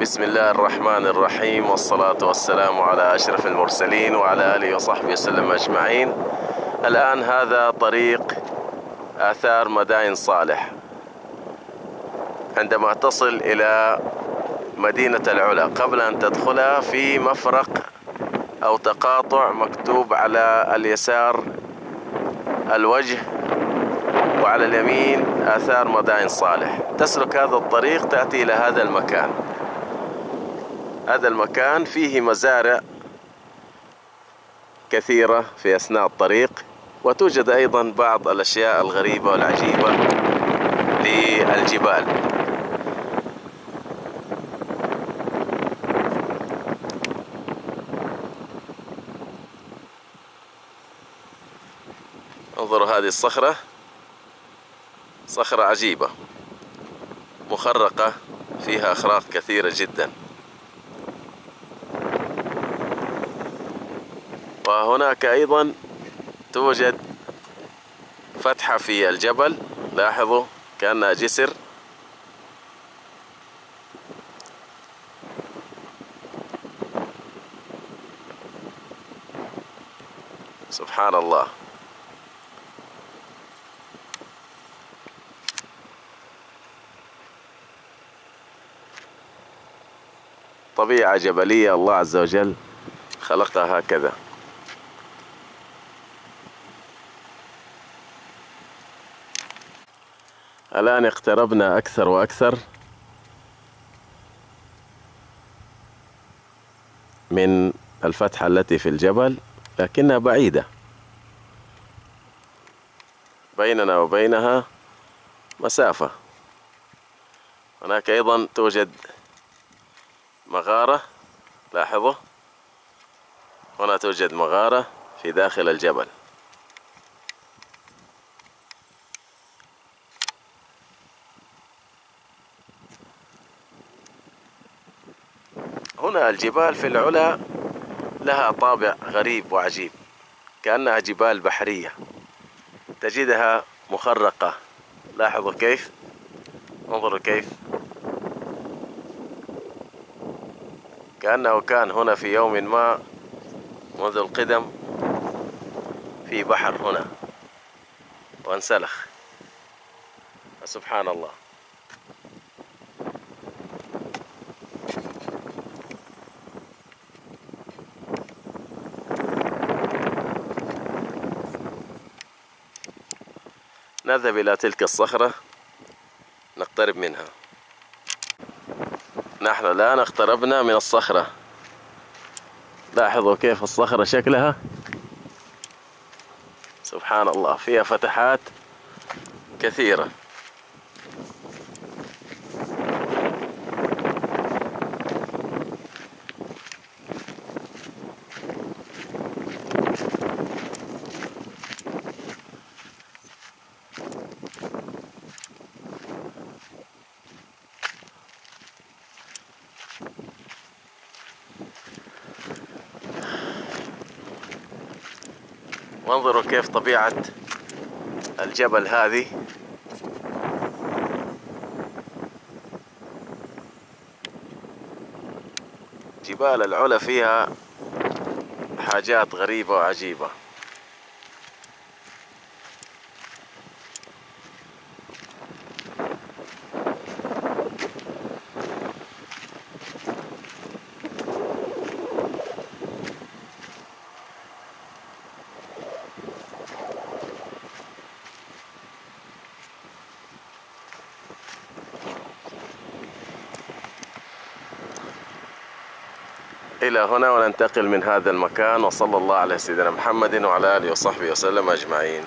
بسم الله الرحمن الرحيم والصلاة والسلام على أشرف المرسلين وعلى آله وصحبه وسلم أجمعين الآن هذا طريق آثار مدائن صالح عندما تصل إلى مدينة العلا قبل أن تدخلها في مفرق أو تقاطع مكتوب على اليسار الوجه وعلى اليمين آثار مدائن صالح تسلك هذا الطريق تأتي إلى هذا المكان هذا المكان فيه مزارع كثيرة في أثناء الطريق وتوجد أيضا بعض الأشياء الغريبة والعجيبة للجبال انظروا هذه الصخرة صخرة عجيبة مخرقة فيها أخراق كثيرة جداً وهناك أيضا توجد فتحة في الجبل لاحظوا كأنها جسر سبحان الله طبيعة جبلية الله عز وجل خلقها هكذا الآن اقتربنا أكثر وأكثر من الفتحة التي في الجبل لكنها بعيدة بيننا وبينها مسافة هناك أيضا توجد مغارة لاحظوا هنا توجد مغارة في داخل الجبل الجبال في العلا لها طابع غريب وعجيب كأنها جبال بحرية تجدها مخرقة لاحظوا كيف انظروا كيف كأنه كان هنا في يوم ما منذ القدم في بحر هنا وانسلخ سبحان الله نذهب إلى تلك الصخرة نقترب منها نحن الآن اقتربنا من الصخرة لاحظوا كيف الصخرة شكلها سبحان الله فيها فتحات كثيرة وانظروا كيف طبيعة الجبل هذه جبال العلا فيها حاجات غريبة وعجيبة إلى هنا وننتقل من هذا المكان وصلى الله على سيدنا محمد وعلى آله وصحبه وسلم أجمعين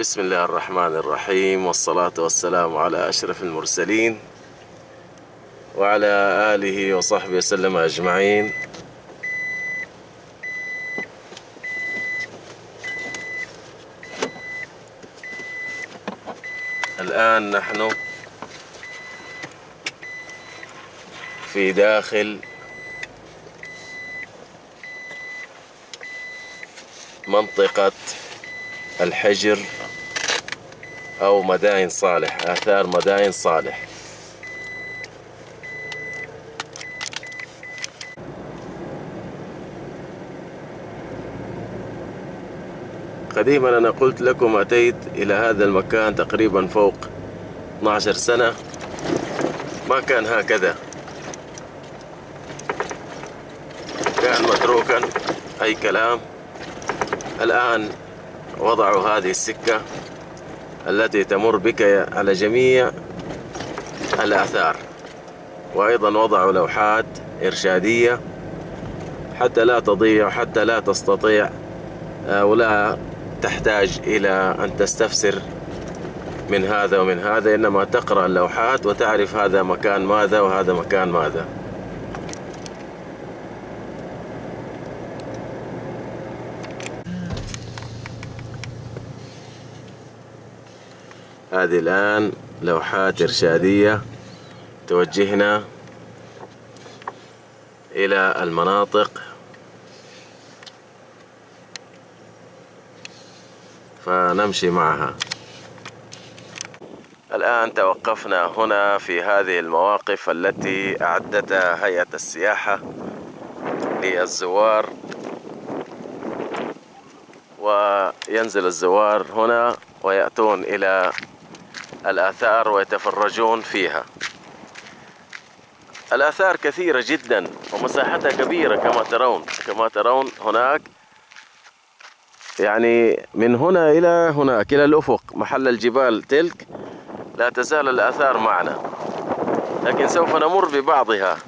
بسم الله الرحمن الرحيم والصلاة والسلام على أشرف المرسلين وعلى آله وصحبه وسلم أجمعين الآن نحن في داخل منطقة الحجر أو مداين صالح آثار مداين صالح قديما أنا قلت لكم أتيت إلى هذا المكان تقريبا فوق 12 سنة ما كان هكذا كان متروكا أي كلام الآن وضعوا هذه السكة التي تمر بك على جميع الآثار وأيضا وضعوا لوحات إرشادية حتى لا تضيع حتى لا تستطيع آه، ولا تحتاج إلى أن تستفسر من هذا ومن هذا إنما تقرأ اللوحات وتعرف هذا مكان ماذا وهذا مكان ماذا هذه الآن لوحات إرشادية توجهنا إلى المناطق فنمشي معها الآن توقفنا هنا في هذه المواقف التي أعدتها هيئة السياحة للزوار وينزل الزوار هنا ويأتون إلى الآثار ويتفرجون فيها الآثار كثيرة جدا ومساحتها كبيرة كما ترون كما ترون هناك يعني من هنا إلى هناك إلى الأفق محل الجبال تلك لا تزال الآثار معنا لكن سوف نمر ببعضها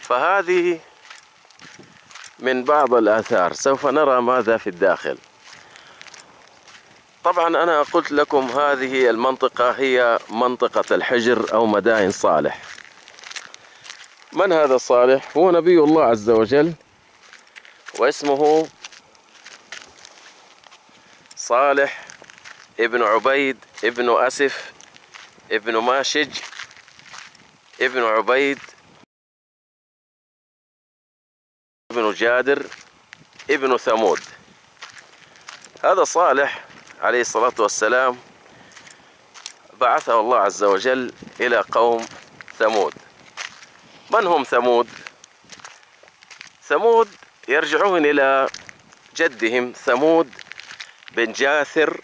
فهذه من بعض الآثار سوف نرى ماذا في الداخل طبعا أنا قلت لكم هذه المنطقة هي منطقة الحجر أو مدائن صالح من هذا صالح؟ هو نبي الله عز وجل واسمه صالح ابن عبيد ابن أسف ابن ماشج ابن عبيد ابن جادر ابن ثمود هذا صالح عليه الصلاة والسلام بعثه الله عز وجل إلى قوم ثمود من هم ثمود؟ ثمود يرجعون إلى جدهم ثمود بن جاثر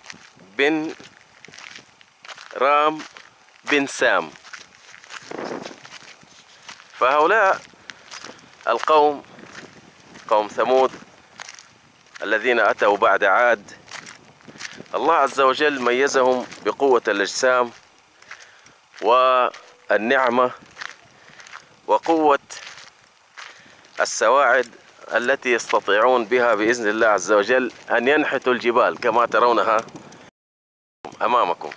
بن رام بن سام فهؤلاء القوم قوم ثمود الذين أتوا بعد عاد الله عز وجل ميزهم بقوة الأجسام والنعمة وقوة السواعد التي يستطيعون بها بإذن الله عز وجل أن ينحتوا الجبال كما ترونها أمامكم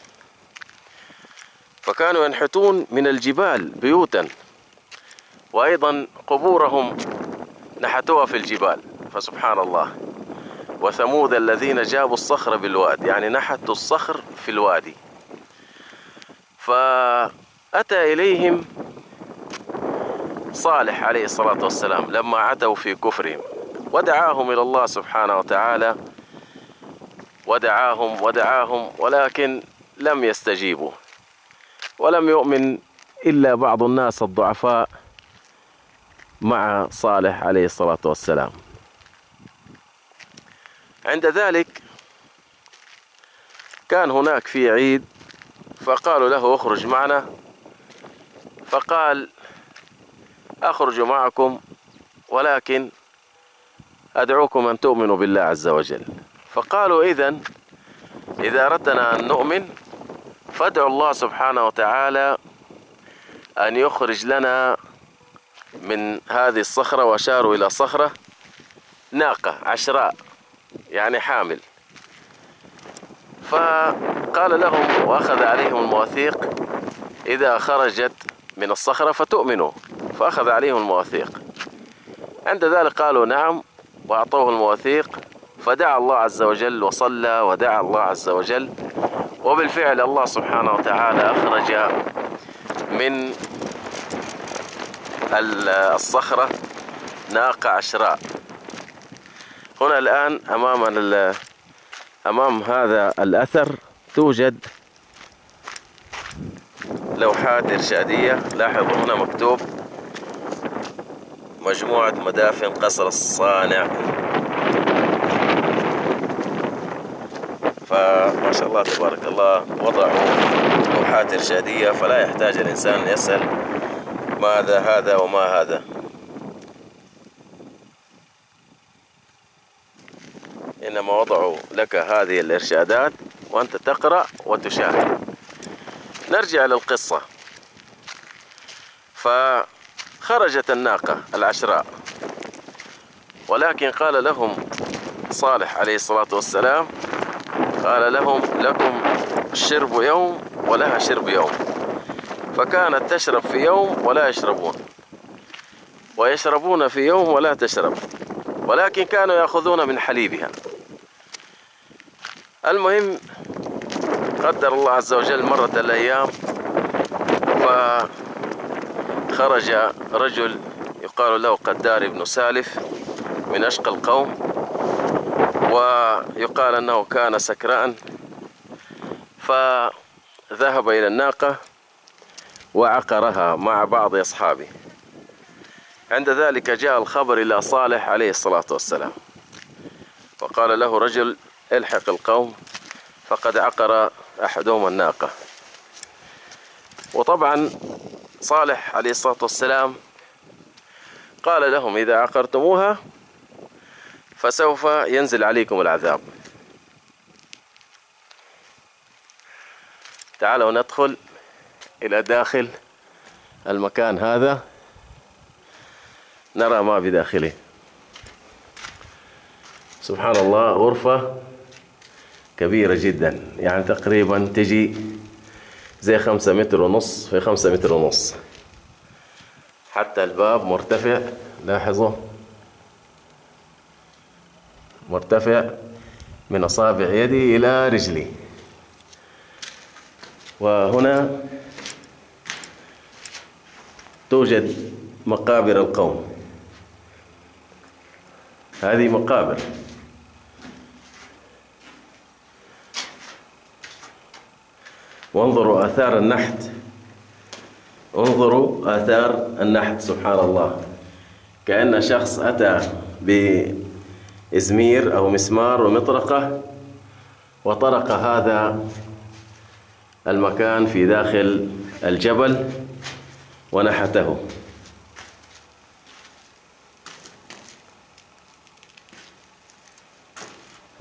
فكانوا ينحتون من الجبال بيوتا وأيضا قبورهم نحتوها في الجبال فسبحان الله وثمود الذين جابوا الصخر بالواد يعني نحتوا الصخر في الوادي فأتى إليهم صالح عليه الصلاة والسلام لما عتوا في كفرهم ودعاهم إلى الله سبحانه وتعالى ودعاهم ودعاهم ولكن لم يستجيبوا ولم يؤمن إلا بعض الناس الضعفاء مع صالح عليه الصلاة والسلام عند ذلك كان هناك في عيد فقالوا له اخرج معنا فقال اخرج معكم ولكن ادعوكم ان تؤمنوا بالله عز وجل فقالوا اذا اذا اردنا ان نؤمن فادعوا الله سبحانه وتعالى ان يخرج لنا من هذه الصخره واشاروا الى صخره ناقه عشراء يعني حامل فقال لهم وأخذ عليهم المواثيق إذا خرجت من الصخرة فتؤمنوا فأخذ عليهم المواثيق عند ذلك قالوا نعم وأعطوه المواثيق فدعا الله عز وجل وصلى ودعا الله عز وجل وبالفعل الله سبحانه وتعالى أخرج من الصخرة ناقة عشراء هنا الآن أمام أمام هذا الأثر توجد لوحات إرشادية لاحظوا هنا مكتوب مجموعة مدافن قصر الصانع فما شاء الله تبارك الله وضعوا لوحات إرشادية فلا يحتاج الإنسان أن يسأل ماذا هذا وما هذا إنما وضعوا لك هذه الإرشادات وأنت تقرأ وتشاهد نرجع للقصة فخرجت الناقة العشراء ولكن قال لهم صالح عليه الصلاة والسلام قال لهم لكم شرب يوم ولها شرب يوم فكانت تشرب في يوم ولا يشربون ويشربون في يوم ولا تشرب ولكن كانوا يأخذون من حليبها المهم قدر الله عز وجل مرت الأيام فخرج رجل يقال له قدار بن سالف من أشقى القوم ويقال أنه كان سكران فذهب إلى الناقة وعقرها مع بعض أصحابه عند ذلك جاء الخبر إلى صالح عليه الصلاة والسلام فقال له رجل الحق القوم فقد عقر أحدهم الناقة وطبعا صالح عليه الصلاة والسلام قال لهم إذا عقرتموها فسوف ينزل عليكم العذاب تعالوا ندخل إلى داخل المكان هذا نرى ما بداخله سبحان الله غرفة كبيرة جدا يعني تقريبا تجي زي خمسة متر ونص في خمسة متر ونص حتى الباب مرتفع لاحظوا مرتفع من أصابع يدي إلى رجلي وهنا توجد مقابر القوم هذه مقابر وانظروا آثار النحت انظروا آثار النحت سبحان الله كأن شخص أتى بإزمير أو مسمار ومطرقة وطرق هذا المكان في داخل الجبل ونحته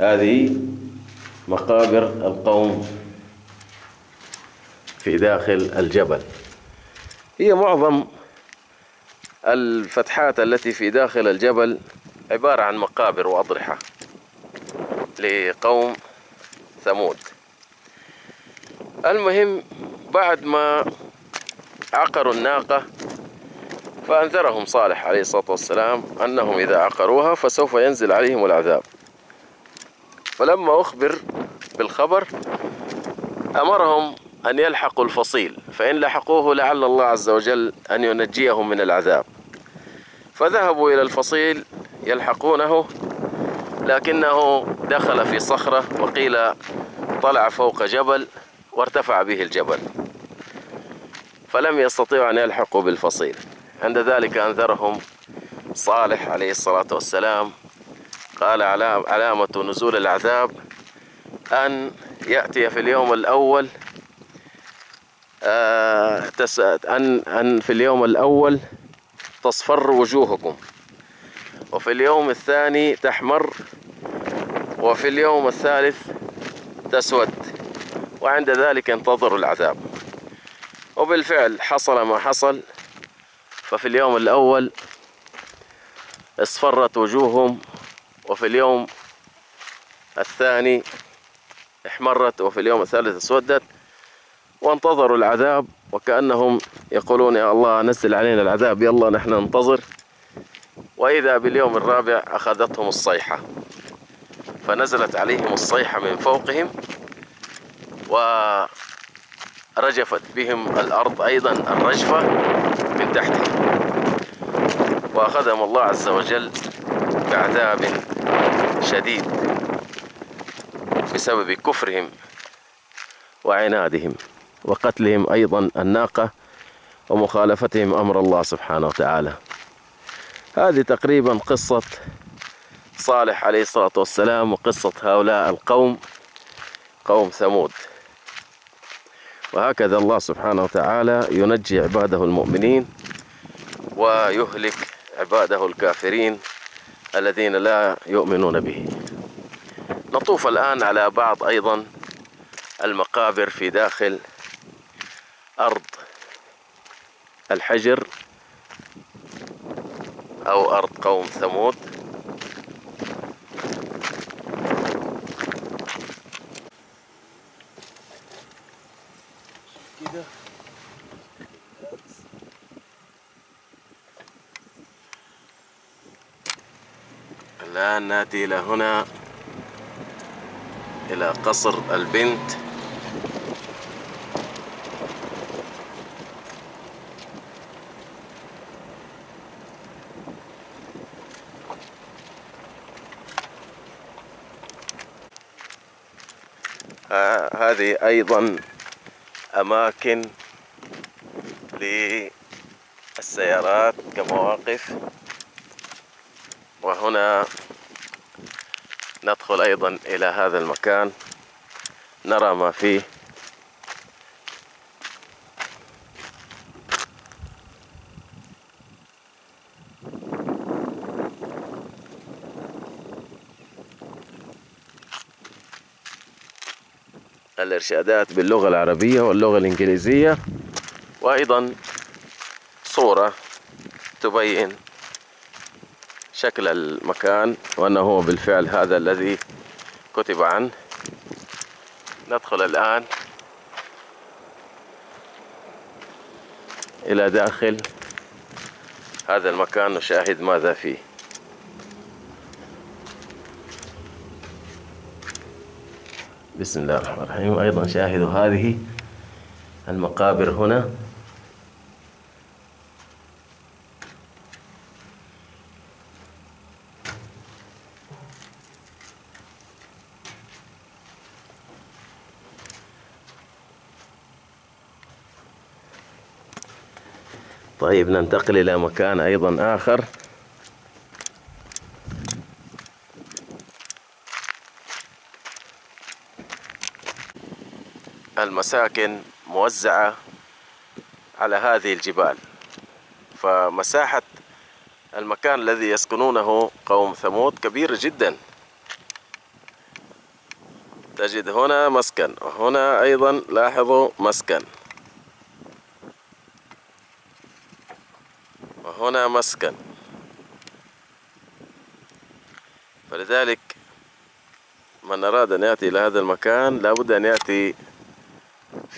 هذه مقابر القوم في داخل الجبل هي معظم الفتحات التي في داخل الجبل عبارة عن مقابر وأضرحة لقوم ثمود المهم بعد ما عقروا الناقة فأنذرهم صالح عليه الصلاة والسلام أنهم إذا عقروها فسوف ينزل عليهم العذاب فلما أخبر بالخبر أمرهم أن يلحقوا الفصيل فإن لحقوه لعل الله عز وجل أن ينجيهم من العذاب فذهبوا إلى الفصيل يلحقونه لكنه دخل في صخرة وقيل طلع فوق جبل وارتفع به الجبل فلم يستطيعوا أن يلحقوا بالفصيل عند ذلك أنذرهم صالح عليه الصلاة والسلام قال علامة نزول العذاب أن يأتي في اليوم الأول آه، أن أن في اليوم الأول تصفر وجوهكم وفي اليوم الثاني تحمر وفي اليوم الثالث تسود وعند ذلك ينتظر العذاب وبالفعل حصل ما حصل ففي اليوم الأول اصفرت وجوههم وفي اليوم الثاني احمرت وفي اليوم الثالث اسودت وانتظروا العذاب وكأنهم يقولون يا الله نزل علينا العذاب يلا نحن ننتظر وإذا باليوم الرابع أخذتهم الصيحة فنزلت عليهم الصيحة من فوقهم ورجفت بهم الأرض أيضا الرجفة من تحتهم وأخذهم الله عز وجل بعذاب شديد بسبب كفرهم وعنادهم وقتلهم أيضا الناقة ومخالفتهم أمر الله سبحانه وتعالى هذه تقريبا قصة صالح عليه الصلاة والسلام وقصة هؤلاء القوم قوم ثمود وهكذا الله سبحانه وتعالى ينجي عباده المؤمنين ويهلك عباده الكافرين الذين لا يؤمنون به نطوف الآن على بعض أيضا المقابر في داخل أرض الحجر أو أرض قوم ثمود الآن نأتي إلى هنا إلى قصر البنت هذه أيضا أماكن للسيارات كمواقف وهنا ندخل أيضا إلى هذا المكان نرى ما فيه الإرشادات باللغة العربية واللغة الإنجليزية وأيضا صورة تبين شكل المكان وأنه هو بالفعل هذا الذي كتب عنه ندخل الآن إلى داخل هذا المكان نشاهد ماذا فيه بسم الله الرحمن الرحيم أيضا شاهدوا هذه المقابر هنا طيب ننتقل إلى مكان أيضا آخر المساكن موزعة على هذه الجبال فمساحة المكان الذي يسكنونه قوم ثمود كبير جدا تجد هنا مسكن وهنا أيضا لاحظوا مسكن وهنا مسكن فلذلك من أراد أن يأتي إلى هذا المكان لابد أن يأتي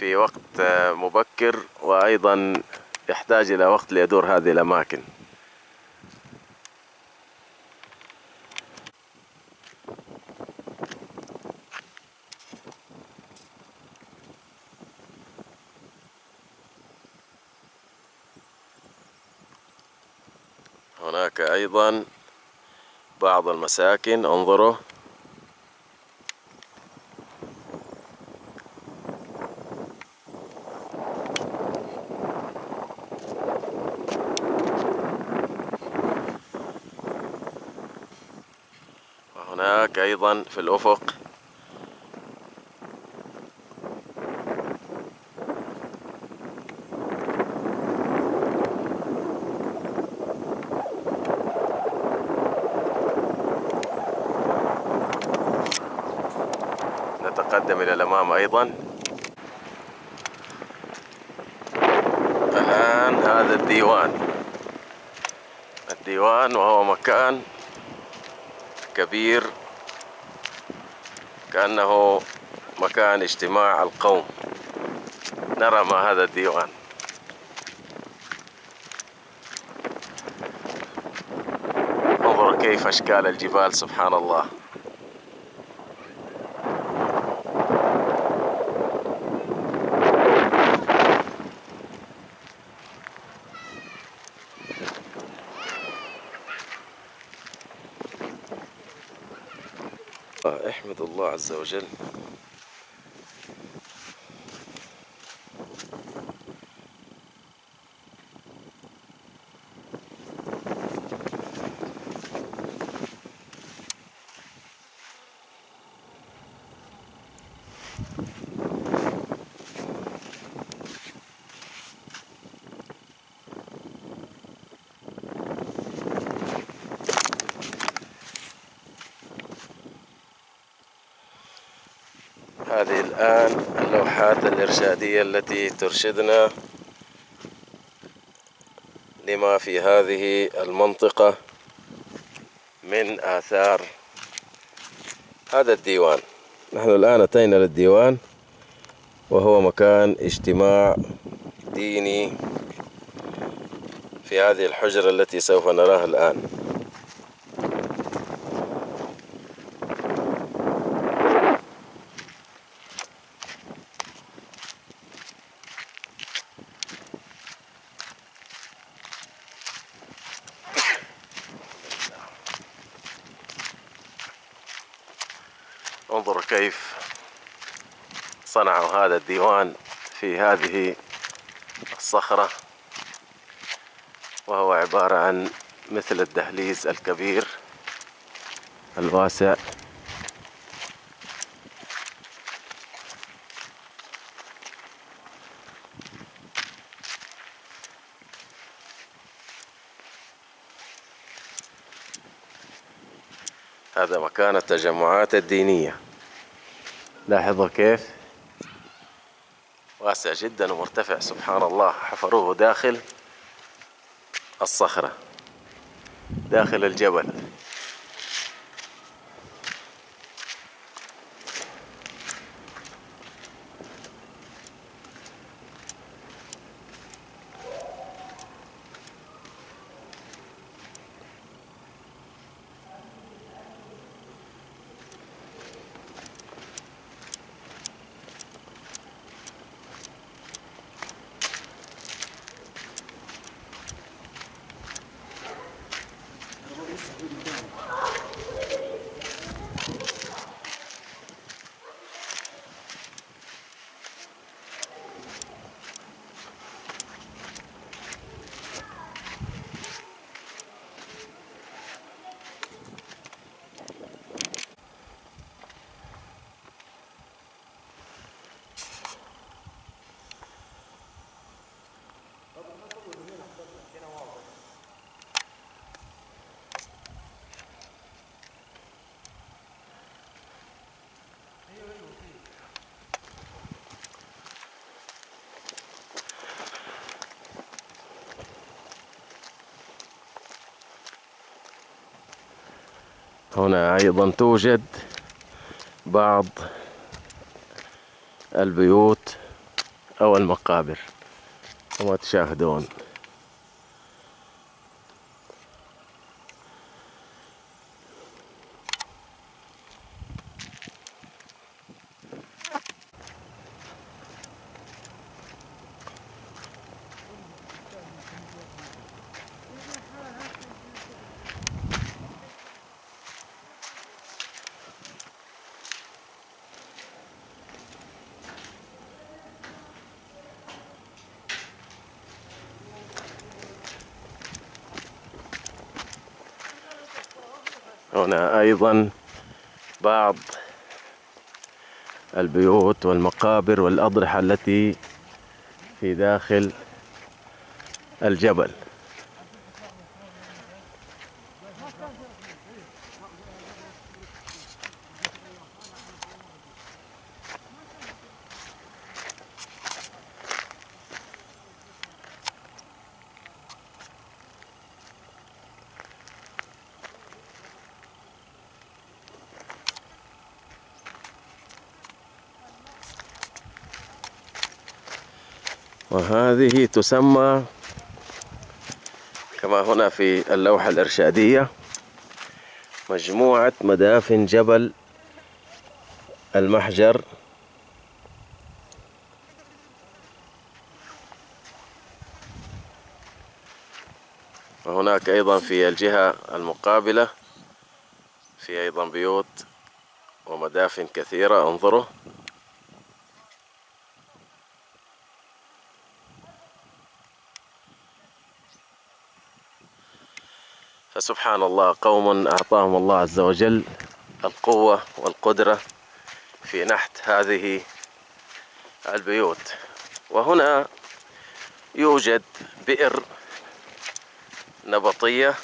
في وقت آه، مبكر وأيضا يحتاج إلى وقت ليدور هذه الأماكن هناك أيضا بعض المساكن انظروا أيضا في الأفق نتقدم إلى الأمام أيضا الآن هذا الديوان الديوان وهو مكان كبير كأنه مكان اجتماع القوم نرى ما هذا الديوان انظر كيف أشكال الجبال سبحان الله الله عز وجل هذه الآن اللوحات الإرشادية التي ترشدنا لما في هذه المنطقة من آثار هذا الديوان نحن الآن أتينا للديوان وهو مكان اجتماع ديني في هذه الحجرة التي سوف نراها الآن انظر كيف صنعوا هذا الديوان في هذه الصخرة وهو عبارة عن مثل الدهليز الكبير الواسع هذا مكان التجمعات الدينيه لاحظوا كيف واسع جدا ومرتفع سبحان الله حفروه داخل الصخرة داخل الجبل هنا أيضا توجد بعض البيوت أو المقابر كما تشاهدون هنا أيضا بعض البيوت والمقابر والأضرحة التي في داخل الجبل هذه تسمى كما هنا في اللوحة الإرشادية مجموعة مدافن جبل المحجر وهناك أيضا في الجهة المقابلة في أيضا بيوت ومدافن كثيرة انظروا سبحان الله قوم أعطاهم الله عز وجل القوة والقدرة في نحت هذه البيوت وهنا يوجد بئر نبطية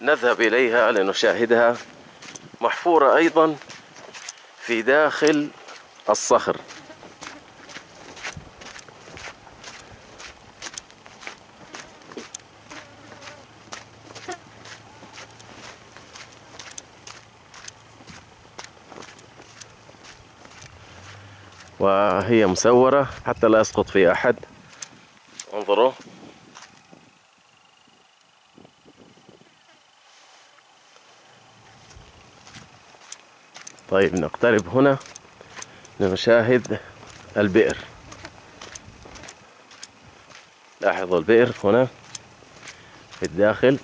نذهب إليها لنشاهدها محفورة أيضا في داخل الصخر وهي مسورة حتى لا يسقط فيها أحد انظروا طيب نقترب هنا لنشاهد البئر لاحظوا البئر هنا في الداخل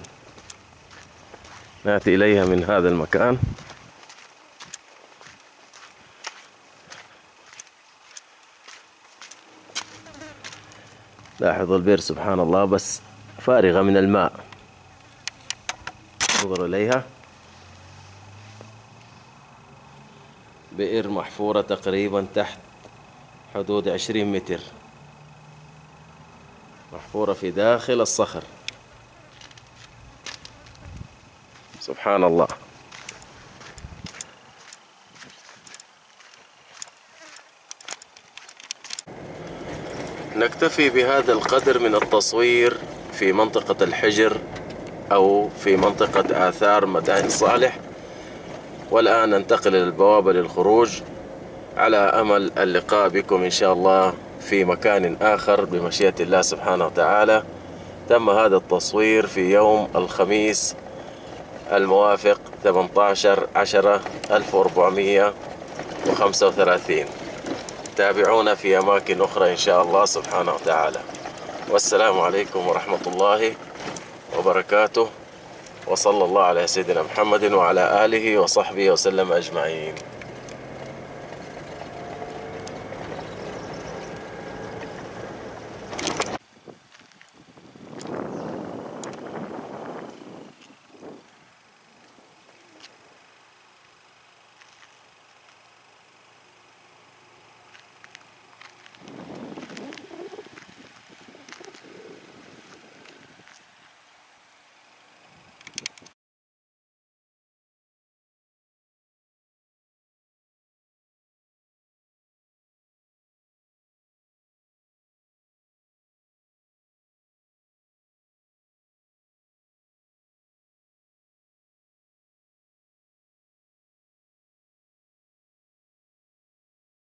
نأتي إليها من هذا المكان لاحظوا البير سبحان الله بس فارغة من الماء انظروا إليها بئر محفورة تقريبا تحت حدود عشرين متر محفورة في داخل الصخر سبحان الله نكتفي بهذا القدر من التصوير في منطقة الحجر أو في منطقة آثار مدائن صالح والآن ننتقل إلى البوابة للخروج على أمل اللقاء بكم إن شاء الله في مكان آخر بمشيئة الله سبحانه وتعالى تم هذا التصوير في يوم الخميس الموافق 18 10 1435 تابعونا في أماكن أخرى إن شاء الله سبحانه وتعالى والسلام عليكم ورحمة الله وبركاته وصلى الله على سيدنا محمد وعلى آله وصحبه وسلم أجمعين